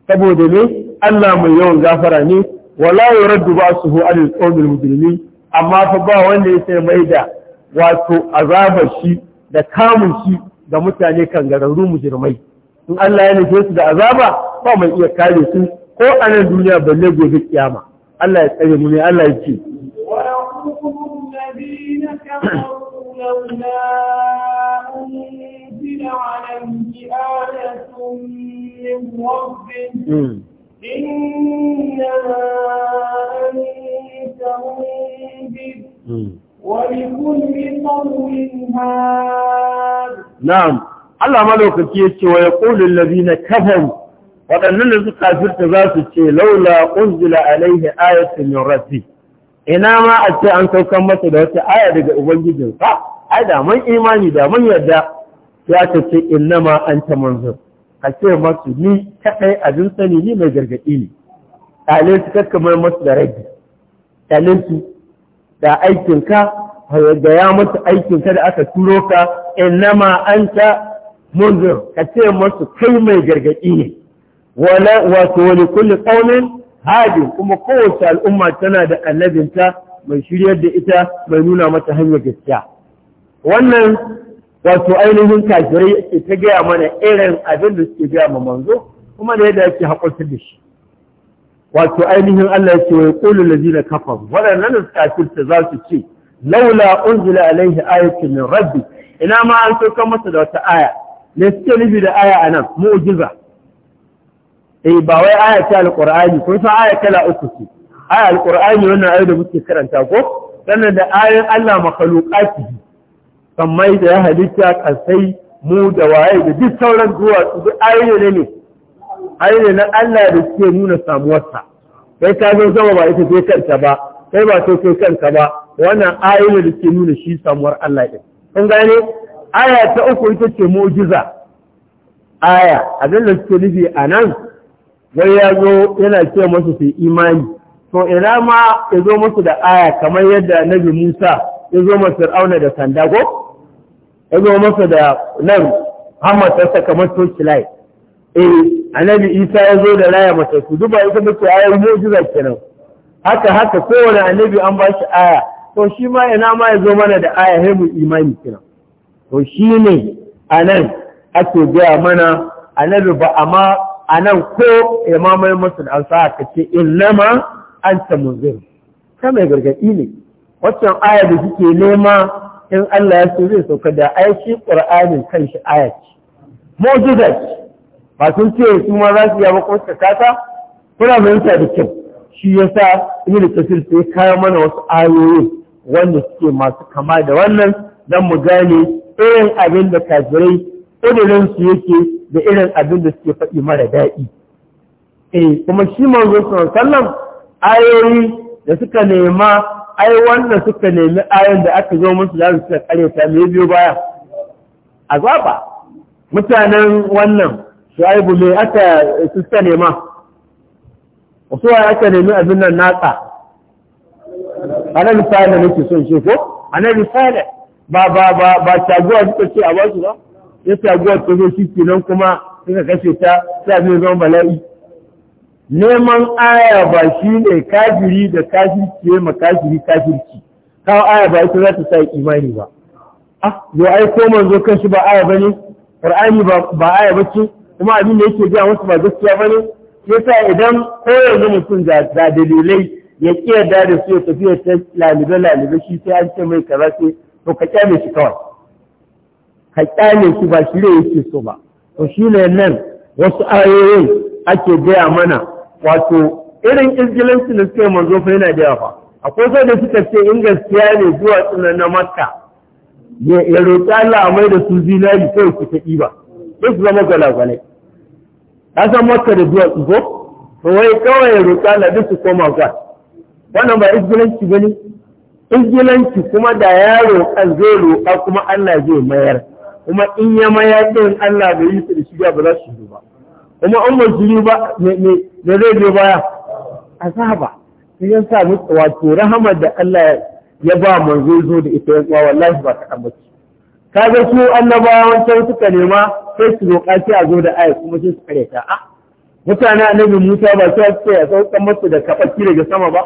saboda ne Allah mai yawan gafara ne wala yuraddu ba'suhu alil qawmil mujrimin amma fa ba wanda ya sai mai da wato azabar shi da kamun shi ga mutane kan gararru mujrimai in Allah ya nufe su da azaba ba mai iya kare su ko a nan duniya balle gobe kiyama Allah ya tsare mu ne Allah ya ce لولا أنزل عليه آية من ربه إنما أنت منذر ولكل قوم هاد نعم Allah malaukaki ya ce wa ya ƙulun labina kafan waɗannan da suka firta za su ce laula ƙunzula alaihi ayatun min rabbi ina ma a ce an saukan masa da wata aya daga ubangijinsa ai da man imani da man yarda ya ta ce inna ma an ta manzo a ce masu ni kaɗai abin sani ni mai gargaɗi ne ɗalin su mai masu da rage ɗalin su da aikinka da ya masu aikinka da aka turo ka inna ma an ta manzo ka ce masu kai mai gargaɗi ne wato wani kulle ƙaunin Hadin, kuma kowace al'umma tana da annabinta mai shiryar da ita mai nuna mata hanyar gaskiya wannan wato ainihin kafirai ke ta gaya mana irin abin da suke gaya ma manzo kuma da yadda yake haƙurta da shi wato ainihin Allah ya ce wa yaqulu zina kafa? waɗannan kafirta za su ce laula unzila alaihi ayatun min rabbi ina ma an sauka masa da wata aya ne suke nufi da aya a nan mu'jiza eh ba wai aya ta alqur'ani kun san aya kala uku ce aya alqur'ani wannan ayoyi da muke karanta ko sannan da ayan Allah makhluqati kamar da ya halitta kasai mu da waye da duk sauran duwatsu duk ayoyi ne ayoyi na Allah da suke nuna sa kai ka zo zama ba ita kai kanta ba kai ba sai kai kanka ba wannan ayoyi da suke nuna shi samuwar Allah din kun gane aya ta uku ita ce mu'jiza aya abin da suke nufi a nan wai ya zo yana ce masu su imani to ina ma ya zo masu da aya kamar yadda nabi Musa ya zo masu rauna da sanda ko ya zo masu da nan hammatarsa kamar tokilai eh nabi Isa ya zo da raya masu su duba ita muke ayar mu'jiza kenan haka haka kowane annabi an ba shi aya to shi ma ina ma ya zo mana da aya ya mu imani kenan to a nan ake gaya mana annabi ba amma a nan ko imamai da an sa ka ce illama an ta zai? ta mai gargaɗi ne waccan aya da suke nema in Allah ya so zai sauka da aiki ƙur'anin kan shi aya ce mu'jiza ce ba sun ce su ma za su yaba ko kasa kuna fahimta da kyau shi yasa da kasir sai kaya mana wasu ayoyi wanda suke masu kama da wannan dan mu gane irin abin da kafirai ƙudurin su yake da irin abin da suke faɗi mara daɗi eh kuma shi manzo sallam ayoyi da suka nema ai wanda suka nemi ayoyin da aka zo musu da suka kare ta me biyo baya A zaɓa mutanen wannan shu'aibu me aka suka nema wasu wa aka nemi abin nan naka ana misali nake son shi ko ana misali ba ba ba ba taguwa suka ce a basu ba ya taguwar ta zo shi kenan kuma suka kashe ta sa abin zama bala'i neman aya ba shi ne kafiri da kafirci ya makafiri kafirci kawo aya ba ita za ta sa imani ba ah zo ai ko manzo kan shi ba aya ba ne qur'ani ba aya ba ce kuma abin da yake gaya wasu ba gaskiya ba ne yasa idan kowane mutum da dalilai ya ƙi yarda da su ya tafi ta lalibe lalibe shi sai an ce mai kaza sai to ka kyame shi kawai ka kyale shi ba shi yake so ba to shi ne nan wasu ayoyin ake gaya mana wato irin izgilansu da suke manzo fa yana da yawa akwai sai da suka ce in gaskiya ne zuwa tsinan na makka ya roƙi Allah a mai da su zinari kai su ta ɗiba sai su zama gwalagwale. ka san makka da zuwa tsugo to wai kawai ya roƙi Allah duk su koma ga wannan ba izgilanci ba ne izgilanci kuma da yaro roƙa zai roƙa kuma Allah zai mayar kuma in ya maya ɗin Allah bai yi su da shiga ba za su shigo ba kuma an ba su ba ne zai biyo baya ba sai ya sa mutuwa wato rahamar da Allah ya ba manzo zo da ita yan uwa lafi ba ta ka ga su annabawan wancan suka nema sai su roƙa a zo da aya kuma sai su kare ta a ah, mutane annabi Musa ba sai su ya saukan masu da kafaki daga sama ba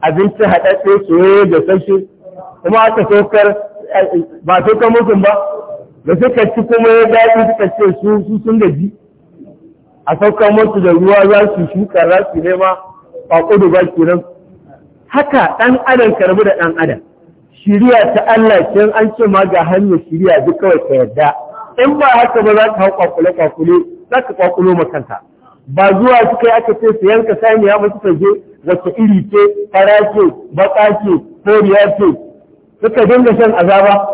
abinci haɗaɗɗe soyayya da sashi kuma aka saukar eh, ba saukar mutum ba da suka ci kuma ya daɗi suka ce su su sun gaji a saukan musu da ruwa za su shuka za su nema a kudu ba kenan haka ɗan adam karbi da ɗan adam Shirya ta Allah ce an ce ma ga hanyar shirya duk kawai ka yarda in ba haka ba za ka hau kwakule kwakule za ka kwakulo makanta ba zuwa suka yi aka ce su yanka saniya ba suka je wata iri ce fara ce baka ce koriya ce suka dinga shan azaba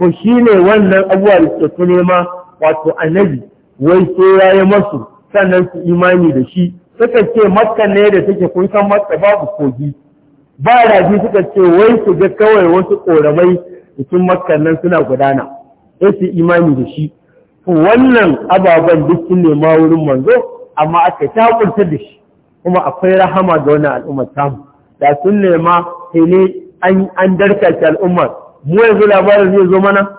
to shi ne wannan abuwa da suke nema wato annabi wai sai ya masu sannan su imani da shi suka ce makka ne da take kun san makka babu kogi ba rafi suka ce wai su ga kawai wasu koramai cikin makka nan suna gudana sai su imani da shi wannan ababen duk sun nema wurin manzo amma aka takurtar da shi kuma akwai rahama ga wannan al'ummar tamu da sun nema sai ne an darkace al'ummar mu yanzu labarin zai zo mana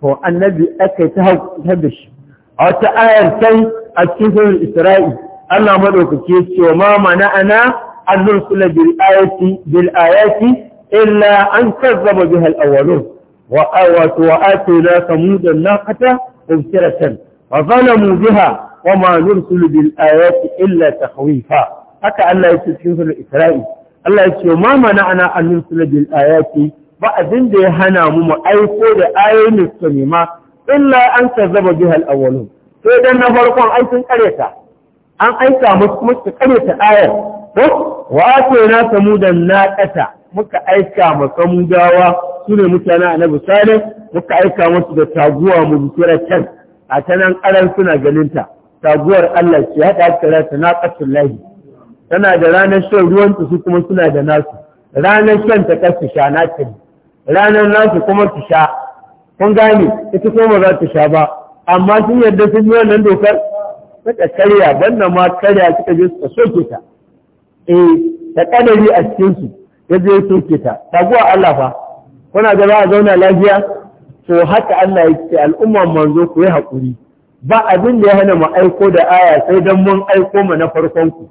to annabi aka ta haɗa shi a wata ayar can a cikin sunan isra'i Allah madaukake ce wa ma mana ana an nursula bil ayati bil ayati illa an kazzaba biha al awwalun wa awatu wa atuna samud an naqata ubsiratan wa mu biha wa ma nursulu bil ayati illa takhwifa haka Allah yake cikin sunan isra'i Allah yake wa ma mana ana an nursula bil ayati ba abin da ya hana mu mu aiko da ayoyin su ne ma illa an kazzaba biha al-awwalun sai dan na farkon ai sun an aika musu musu kareta ayar ko wa atayna samudan naqata muka aika mu samudawa sune mutane annabi salih muka aika musu da taguwa mu bikira can a tanan karan suna ganinta taguwar Allah ce hada kira ta naqatullahi tana da ranar shan ruwan su kuma suna da nasu ranar shan ta kasu shana ce ranar nasu kuma su sha kun gane ita kuma za ta sha ba amma sun yarda sun yi wannan dokar suka karya banda ma karya suka je suka soke ta eh ta kadari a cikin su ya je soke ta taguwa Allah fa kuna ga za a zauna lafiya to haka Allah ya ce al'umma manzo ku yi hakuri ba abin da ya hana mu aiko da aya sai dan mun aiko mu na farkon ku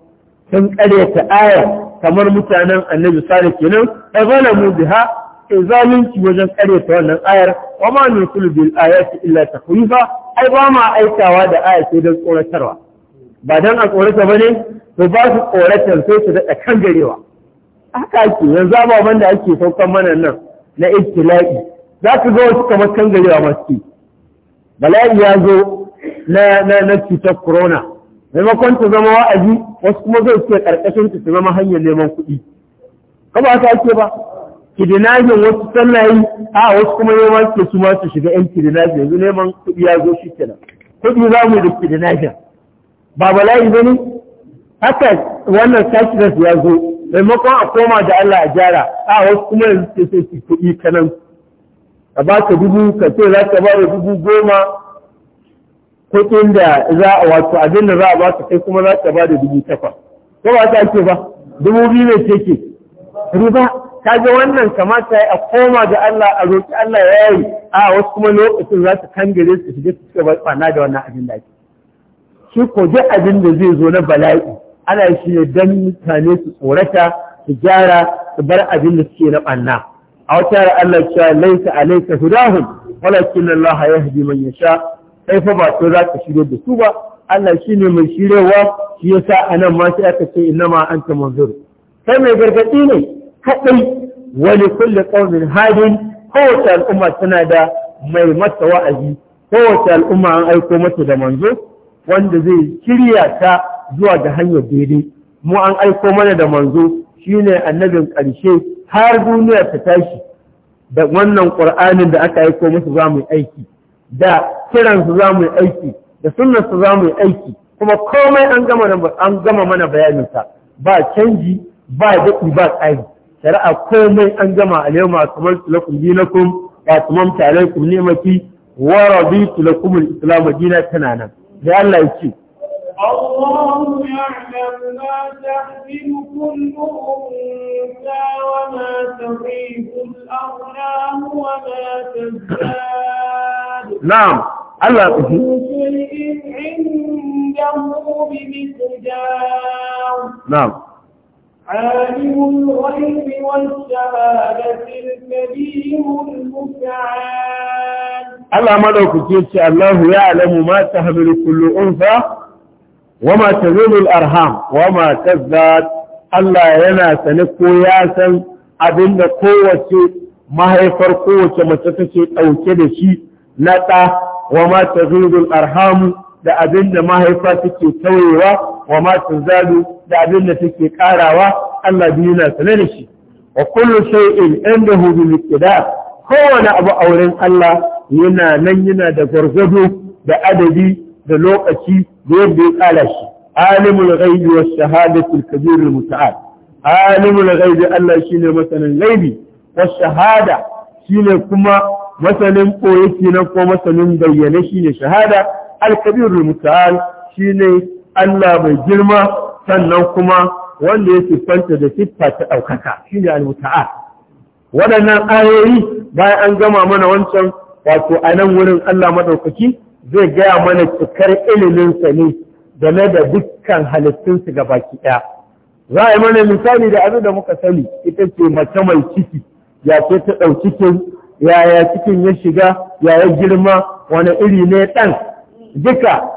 sun ta aya kamar mutanen annabi salih kenan fa zalamu biha zalunci wajen karyata wannan ayar wa ma min kullu bil ayati illa tahwifa ai ba ma aikawa da ayar sai don tsoratarwa ba dan a tsorata bane to ba su tsoratar sai su daɗa kan garewa haka ake yanzu ababen da ake saukan mana nan na ibtila'i za ka ga wasu kamar kan garewa masu bala'i ya zo na na cutar corona maimakon ta zama wa'azi wasu kuma zai ce karkashin ta zama hanyar neman kuɗi Kama haka ake ba kidinajin wasu sallayi a wasu kuma yawan ke su ma su shiga yan kidinajin yanzu neman kuɗi ya zo shi kenan kuɗi za mu da kidinajin ba bala'i ba ne haka wannan sakinas ya zo maimakon a koma da Allah a gyara a wasu kuma yanzu ke so su kuɗi kanan a ba ka dubu ka ce za ka ba da dubu goma kuɗin da za a wato abin da za a ba ka kai kuma za ka ba da dubu takwas ko ba ta ake ba dubu biyu ne ce ke riba ji wannan kamata ya koma ga Allah a roƙi Allah ya yi a wasu kuma lokacin za su kangare su shiga su cika bana da wannan abin da ake shi ko duk abin da zai zo na bala'i ana yi shi ne don mutane su tsorata su gyara su bar abin da suke na ɓanna a wata yara Allah cewa laisa alaika hudahum walakin Allah yahdi man sha, sai fa ba to za ka da su ba Allah shine mai shirewa shi yasa anan ma sai aka ce inna ma anta munzir kai mai gargaɗi ne kaɗai wani kulle ƙaunin hadin kowace al'umma tana da mai mata wa'azi kowace al'umma an aiko masa da manzo wanda zai shirya ta zuwa ga hanyar daidai mu an aiko mana da manzo shine annabin ƙarshe har duniya ta tashi da wannan ƙur'anin da aka aiko masa za mu aiki da kiransu za mu aiki da sunansu za mu aiki kuma komai an gama mana bayaninsa ba canji ba daɗi ba tsari shari'a komai an gama a akmaltu lakum dinakum wa atmamtu alaykum ni'mati wa raditu lakum al-islam dinan tana nan sai Allah ya ce الله يعلم ما تحمل Na'am. عالم الغيب والشهادة الكبير المتعال الله ملوك يتشاء الله يعلم ما تحمل كل أنثى وما تزول الأرحام وما تزداد Allah yana sane ko ya san abin da kowace mahaifar kowace mace take ɗauke da shi na ɗa wa ma ta arhamu da abin da mahaifa take tawayewa wa ma da abin da take karawa Allah biyu na sanar da shi wa kullu shay'in indahu bil miqdar kowane abu a wurin Allah yana nan yana da gwargwado da adadi da lokaci da yadda ya kala shi alimul ghaibi was shahadatu al kabir al muta'al alimul ghaibi Allah shine masanin ghaibi was shahada shine kuma masanin koyeki na ko masanin bayyane shine shahada alkabirul shi shine Allah mai girma sannan kuma wanda ya fanta da siffa ta ɗaukaka shine al-muta'al waɗannan ayoyi bayan an gama mana wancan wato a nan wurin Allah maɗaukaki, zai gaya mana cikar iliminsa ne game da dukkan halittunsu ga baki ɗaya za a yi mana misali da abin da muka sani ita ce mace mai ciki ya ce ta ɗauki cikin yaya cikin ya shiga yaya girma wani iri ne ɗan duka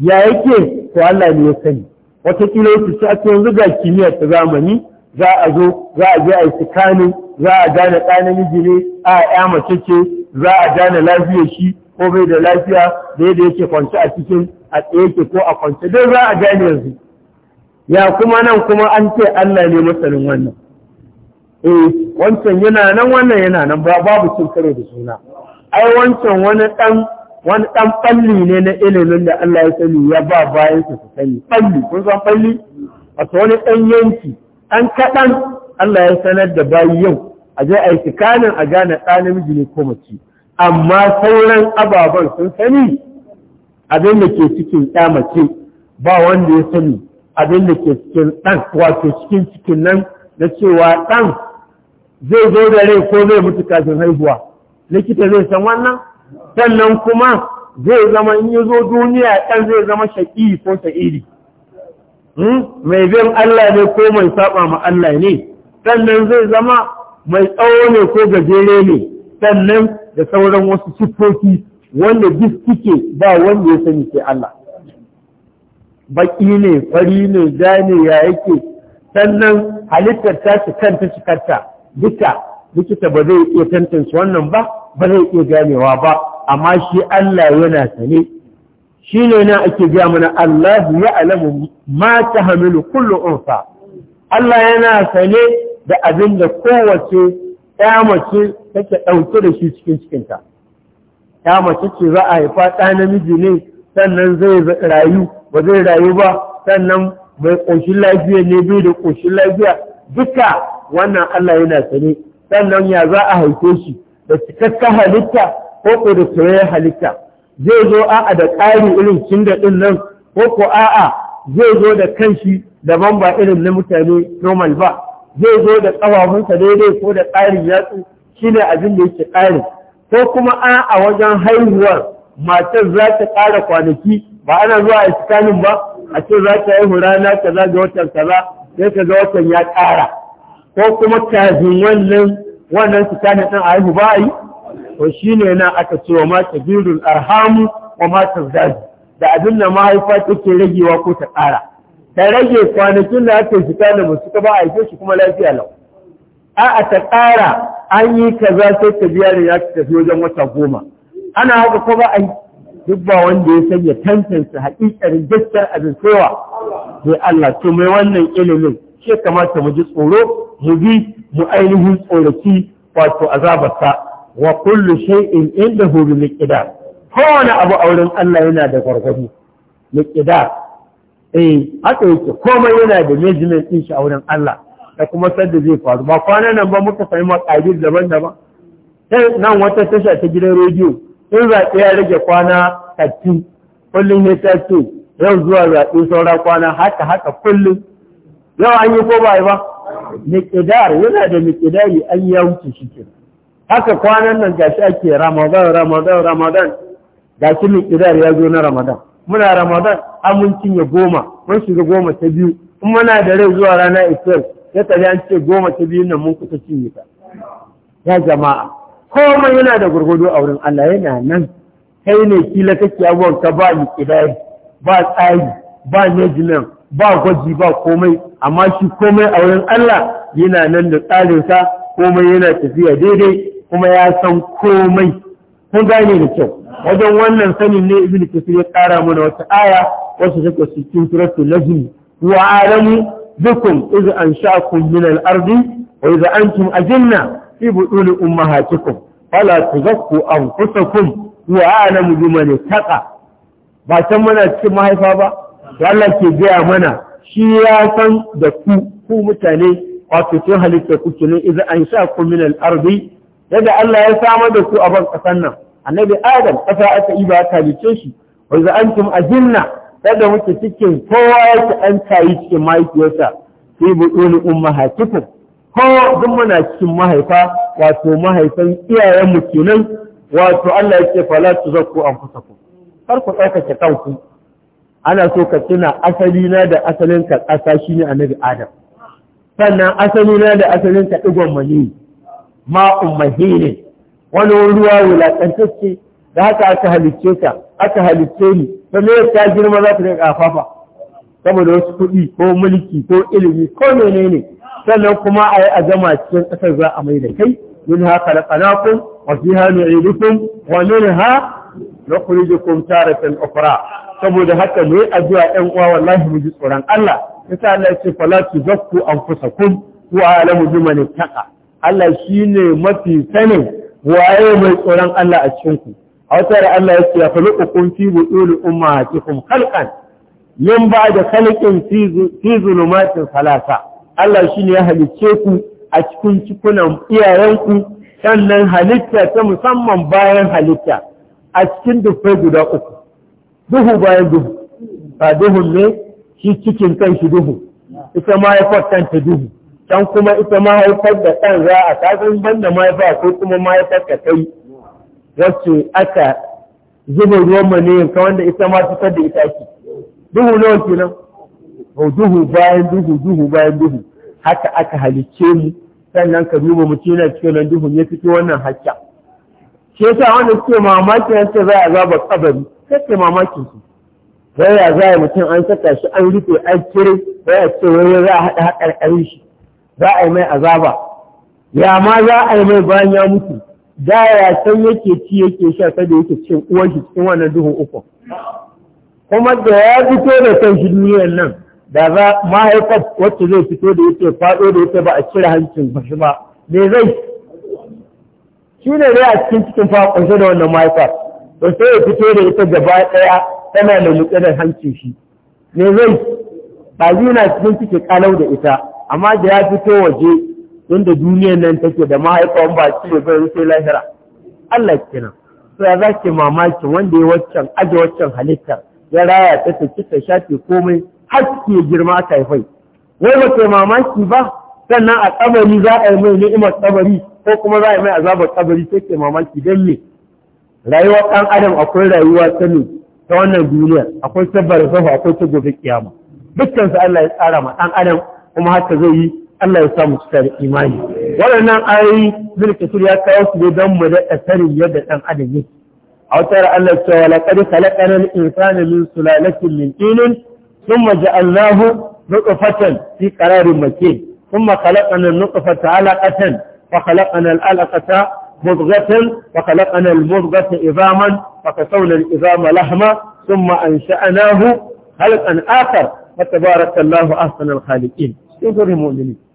ya yake to Allah ne ya sani watakila su ci ake yanzu ga kimiyyar ta zamani za a zo za a je a yi za a gane ɗa miji ne a ya mace ce za a gane lafiyar shi ko bai da lafiya da yadda yake kwance a cikin a tsaye ko a kwance dai za a gane yanzu ya kuma nan kuma an ce Allah ne masanin wannan eh wancan yana nan wannan yana nan babu cin karo da suna ai wancan wani ɗan wani ɗan ɓalli ne na ilimin da Allah ya sani ya ba bayan su su sani ɓalli kun san ɓalli wato wani ɗan yanki ɗan kaɗan Allah ya sanar da bayi yau a je a yi a gane ɗa namiji ne ko mace amma sauran ababen sun sani abin da ke cikin ɗa mace ba wanda ya sani abin da ke cikin ɗan wato cikin cikin nan na cewa ɗan zai zo da rai ko zai mutu kafin haihuwa likita zai san wannan sannan kuma zai zama in yi zo duniya ɗan zai zama shaƙi ko sha'iri hmm? mai bin Allah ne ko mai saɓa ma Allah ne sannan zai zama mai tsawo ne ko gajere ne sannan da sauran wasu siffofi wanda duk suke ba wanda ya sani sai Allah Baƙi ne fari ne ja ne ya yake sannan halittar ta shi kanta shi kanta duka likita ba zai iya tantance wannan ba ba zai iya ganewa ba amma shi Allah yana sane shi ne na ake gaya mana Allah ya alamu ma ta hamilu kullum unsa Allah yana sane da abin da kowace mace take ɗauke da shi cikin cikinta mace ce za a haifa ɗa namiji ne sannan zai rayu ba zai rayu ba sannan mai ƙoshin lafiya ne bai da ƙoshin lafiya duka wannan Allah yana sane sannan ya za a haife shi da cikakka halitta ko ko da turayar halitta zai zo a'a da tsari irin da ɗin nan ko ko a'a zai zo da kanshi daban ba irin na mutane normal ba zai zo da ƙafafunsa daidai ko da ƙarin yatsu ne abin da yake ƙare. ko kuma a'a wajen haihuwar matar za ta ƙara kwanaki ba ana zuwa a ba a ce za ta haihu rana kaza ga watan kaza sai ka ga watan ya ƙara ko kuma tazin wannan wannan tsakanin ɗan aihu ba yi ko shi ne na aka wa mata birnin arhamu wa mata zazi, da abin da mahaifa take ragewa ko ta ƙara ta rage kwanakin da aka fita da musu ka ba a haife shi kuma lafiya lau a'a ta ƙara an yi kaza za ta biya da ya tafi wajen wata goma ana haka ko ba a duk ba wanda ya sanya tantance haƙiƙarin gaskiyar abin kowa sai Allah to mai wannan ilimin ke ya kamata mu ji tsoro mu bi mu ainihin tsoraki wato azabarsa wa kullu shay'in indahu bi miqdar kowane abu a wurin Allah yana da gwargwadu. miqdar eh haka yake komai yana da measurement din shi a wurin Allah da kuma sanda zai faru ba kwana nan ba muka fahimta ƙadir daban-daban sai nan wata tasha ta gidan rediyo in zaɓe ya rage kwana tattu kullum ya ce yau zuwa zaɓe saura kwana haka haka kullum yawa an yi ko ba ba miqdar yana da miqdari an ya wuce shi ke haka kwanan nan gashi ake ramadan ramadan ramadan gashi miqdar ya zo na ramadan muna ramadan an mun cinye goma mun shiga goma ta biyu in muna da rai zuwa rana isfar ya tafi an ce goma ta biyu nan mun kusa cinye ta ya jama'a komai yana da gurgudu a wurin Allah yana nan kai ne kila kake abubuwan ka ba miqdari ba tsari ba nejilin ba gwaji ba komai amma shi komai a wurin Allah yana nan da tsarinsa komai yana tafiya daidai kuma ya san komai kun gane da kyau wajen wannan sanin ne ibn kasir ya kara mana wata aya wacce take cikin suratul jini wa alamu bikum iz ansha'akum min al-ardi wa iz antum ajinna fi budul ummahatikum fala tuzakku anfusakum wa alamu ne taqa ba can muna cikin mahaifa ba da Allah ke gaya mana shi ya san da ku ku mutane wato tun halitta ku ne idan an sha ku min al-ardi yadda Allah ya samar da ku a ban kasan nan annabi adam kasa aka yi ba ta bice shi wa idan antum ajinna kada muke cikin kowa yake an tayi cikin mahaifiyarsa sai bu dole ummahatikum ko duk muna cikin mahaifa wato mahaifan iyayenmu kenan wato Allah yake fala tuzakku anfusakum kar ku tsaka kanku ana so ka tuna asali na da asalin ka ƙasa shine annabi adam sannan asali na da asalin ka mani ma'un mahinin wani ruwa wulaƙantacce da haka aka halicce ka aka halicce ni sannan ta girma za ta da ƙafafa saboda wasu kuɗi ko mulki ko ilimi ko menene sannan kuma a yi azama cikin ƙasar za a mai da kai min ha khalaqnakum wa fiha nu'idukum wa minha nukhrijukum taratan ukhra saboda haka ne addu'a 'yan uwa wallahi mu ji tsoron Allah yasa Allah ya ce fala kun anfusakum wa alamu bimani taƙa. Allah shi ne mafi sanin waye mai tsoron Allah a cikin ku a wata da Allah ya ce ya falu kun fi budul ummatikum khalqan min ba'da khalqin fi zulumatin salasa Allah shi ne ya halicce ku a cikin cikunan iyayenku sannan halitta ta musamman bayan halitta a cikin dufai guda uku duhu bayan duhu ba duhun ne shi cikin kan shi duhu ita ma mahaifar ta duhu can kuma ita haifar da ɗan za a kasan banda mahaifa ko kuma mahaifar ka kai wacce aka zuba ruwan maniyin yanka wanda ita ma fitar da ita ce duhu nawa kenan duhu bayan duhu duhu bayan duhu haka aka halicce mu sannan ka duba mutum cikin nan duhun ya fito wannan hakka ke yasa wanda suke mamaki an ce zai azabar kabari kake mamakin su sai ya zai mutum an saka shi an rufe an kire sai a ce wani za a haɗa haƙarƙarin shi za a yi mai azaba ya ma za a yi mai bayan ya mutu da ya san yake ci yake sha da yake cin uwan shi cikin wannan duhun uku kuma da ya fito da kan shi duniyar nan da za mahaifar wacce zai fito da yake faɗo da yake ba a cire hancin ba shi ba me zai shi ne dai a cikin cikin fa da wannan mahaifar to sai ya fito da ita gaba ɗaya tana da mutse da hancin shi me zai ba na cikin cikin kalau da ita amma da ya fito waje inda duniyar nan take da mahaifar? ba ci da bai sai lahira Allah kenan to ya za ke mamaki wanda ya waccan aji waccan halitta ya raya ta ta shafe komai har ke girma ta haifai wai ba mamaki ba sannan a tsabari za a yi mai ni'imar tsabari ko kuma za a yi mai azabar tsabari sai ke mamaki don me rayuwar ɗan adam akwai rayuwa ta ne ta wannan duniya akwai da barzafa akwai ta gobe kiyama dukkan su Allah ya tsara ma ɗan adam kuma haka zai yi Allah ya samu cika da imani waɗannan ayoyi zai kasur ya kawo su ne don mu daɗa sanin yadda ɗan adam yake a wata ra Allah cewa laqad khalaqana al-insana min sulalatin min tinin thumma ja'alnahu nutfatan fi ƙararin makin ثم خلقنا النطفة علقة فخلقنا العلقة مضغة فخلقنا المضغة إظاما فكسونا الإظام لحما ثم أنشأناه خلقا آخر فتبارك الله أحسن الخالقين ينظر المؤمنين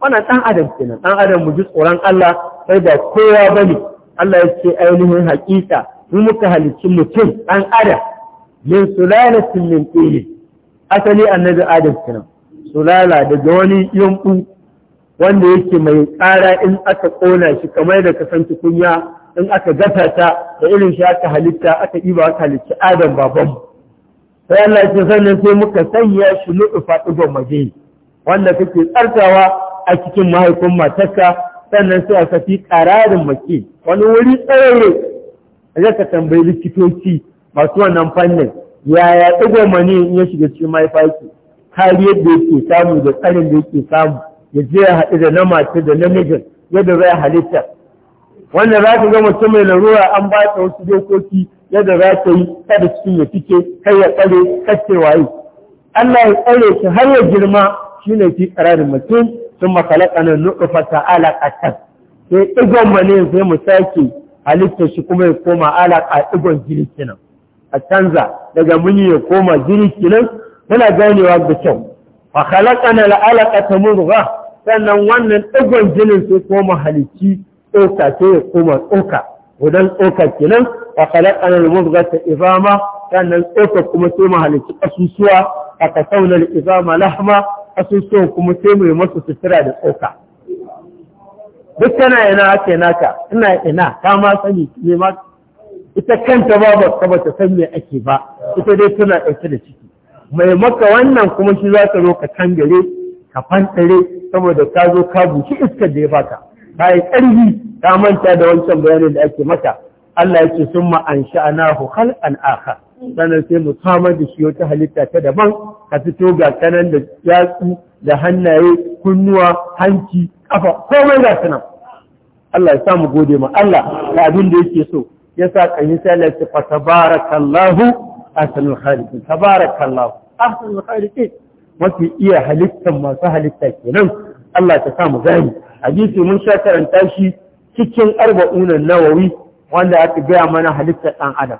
wannan ɗan adam kenan ɗan adam mu ji tsoron Allah sai da kowa bane Allah ya ce ainihin haƙiƙa mu muka halicci mutum an ada. min sulalatin min tsili asali annabi adam kenan sulala daga wani yumbu wanda yake mai ƙara in aka ƙona shi kamar da kasance kunya, in aka gata ta da irin shi aka halitta aka ɗiba aka halitta adam babban sai Allah ya sannan sai muka sanya shi nuɗufa ɗigon maje wanda kake tsartawa a cikin mahaifin matarka sannan sai a fi ƙararin mace wani wuri tsayaye a ka tambayi likitoci masu wannan fannin yaya ɗigon mani in ya shiga cikin mahaifaki? kariyar da yake samu da tsarin da yake samu ya je ya haɗu da na mace da namijin yadda a halitta wanda za ka ga mutum mai larura an ba ta wasu dokoki yadda za ta yi kada cikin ya fice kai ya tsare kashe waye Allah ya tsare shi har ya girma shine fi ƙararin mutum sun fata nufata alaƙatan sai igon mane sai mu sake halitta shi kuma ya koma alaƙa igon jini kenan a canza daga muni ya koma jini kenan muna ganewa da kyau na la'alaka ta murwa sannan wannan ɗigon jinin sai koma halici tsoka sai ya koma tsoka wadan tsoka kenan a murwa ta izama sannan tsoka kuma sai mu halicci asusuwa, a kasaunar izama lahama. Asusuwa kuma sai mu masu sutura da tsoka duk tana ina ake naka ina ina ta ma sani ne ma ita kanta babu kaba ta san me ake ba ita dai tana ɗauke da ciki mai maka wannan kuma shi za ka zo ka kangare ka fantare saboda ka zo ka buci iskar da ya baka ka yi ƙarfi ka manta da wancan bayanin da ake maka Allah ya ce sun ma'an sha'anahu khalqan akhar sannan sai mu samar da shi wata halitta ta daban ka fito ga kanan da yatsu da hannaye kunnuwa hanci kafa komai ga sanan Allah ya samu gode ma Allah da abin da yake so yasa kan yi sai Allah ya ce ahsanul khaliqin tabarakallahu ahsanul khaliqin mafi iya halittar masu halitta kenan Allah ta sa mu gani hadisi mun sha karanta shi cikin arba'una nawawi wanda aka gaya mana halittar ɗan adam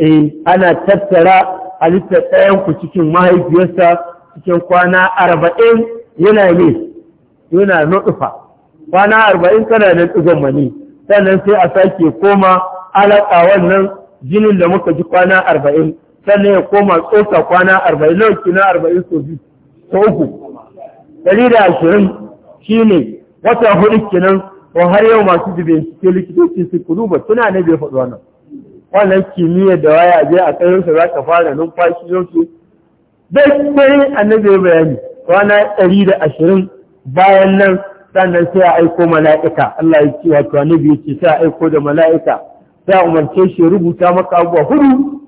eh ana tattara halittar ɗayan ku cikin mahaifiyarsa cikin kwana arba'in yana ne yana nutfa kwana arba'in kana da ɗigon mani sannan sai a sake koma alaƙa wannan jinin da muka ji kwana arba'in sannan ya koma tsoka kwana arba'in nauki na arba'in so biyu so uku dari da ashirin shi ne wata hudu kenan ko har yau masu dubin cikin likitoci su kudu ba suna ne bai faɗuwa wannan wannan kimiyyar da waya je a kai sa za ka fara numfashi yau dai kai annabi bayani kwana ɗari da ashirin bayan nan sannan sai a aiko mala'ika Allah ya ce wato annabi ya ce sai a aiko da mala'ika Za a umarce shi rubuta maka abubuwa hudu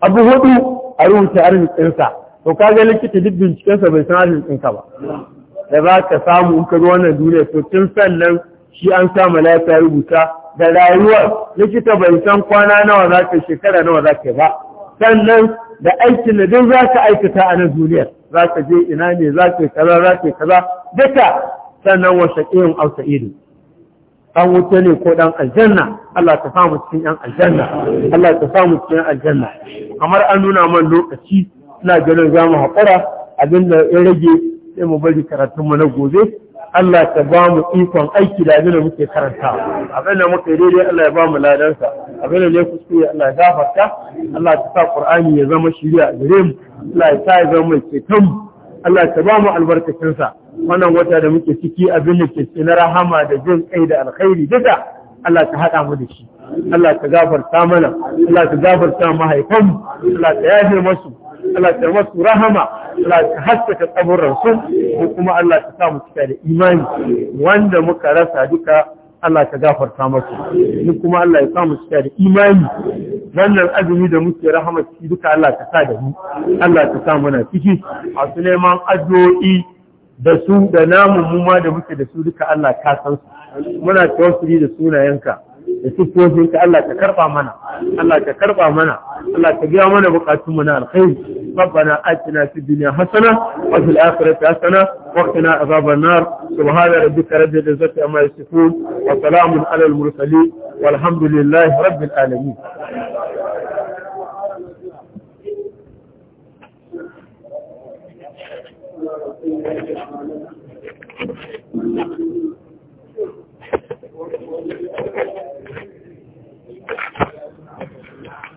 abu hudu a rubuta arzikinsa to kaga likita duk bincikensa bai san arzikinka ba da za ka samu in ka zo wannan duniya to tun sannan shi an sa malaka rubuta da rayuwar likita bai san kwana nawa za ka shekara nawa za ka ba sannan da aikin da duk za ka aikata a nan duniyar za ka je ina ne za ka kaza za ka kaza duka sannan wasu shaqiyin dan wuta ne ko dan aljanna Allah ta samu cikin yan aljanna Allah ta samu cikin aljanna kamar an nuna man lokaci ina ganin za mu haƙura abinda ya rage sai mu bari mu na gobe Allah ta ba mu ikon aiki da abin muke karanta abin da muka daidai Allah ya ba mu ladansa abin da ne kuskure Allah ya gafarta Allah ta sa Qur'ani ya zama shiriya gare mu Allah ya sa ya zama mai ceton mu Allah ka ba mu albarkacinsa wannan wata da muke ciki abin da ke na rahama da jin kai da alkhairi duka Allah ta haɗa mu da shi Allah ka gafarta mana Allah ka gafarta mahaifanmu Allah ta yafe masu Allah ka masu rahama Allah ka haskaka kaburin Ko kuma Allah ta sa mu cika da imani wanda muka rasa duka Allah ka gafarta masu ni kuma Allah ya samu cika da imani wannan azumi da muke rahama ciki duka Allah ka sa da mu Allah ka sa mana ciki a su neman addu'o'i da su da namun mu da muke da su duka Allah ka san su muna tawassuli da sunayenka da sifofin ka Allah ka karba mana Allah ka karba mana Allah ka biya mana bukatun mu na alkhairi ربنا آتنا في الدنيا حسنة وفي الآخرة حسنة وقنا عذاب النار سبحان ربك رب العزة عما يصفون وسلام على المرسلين والحمد لله رب العالمين Thank you.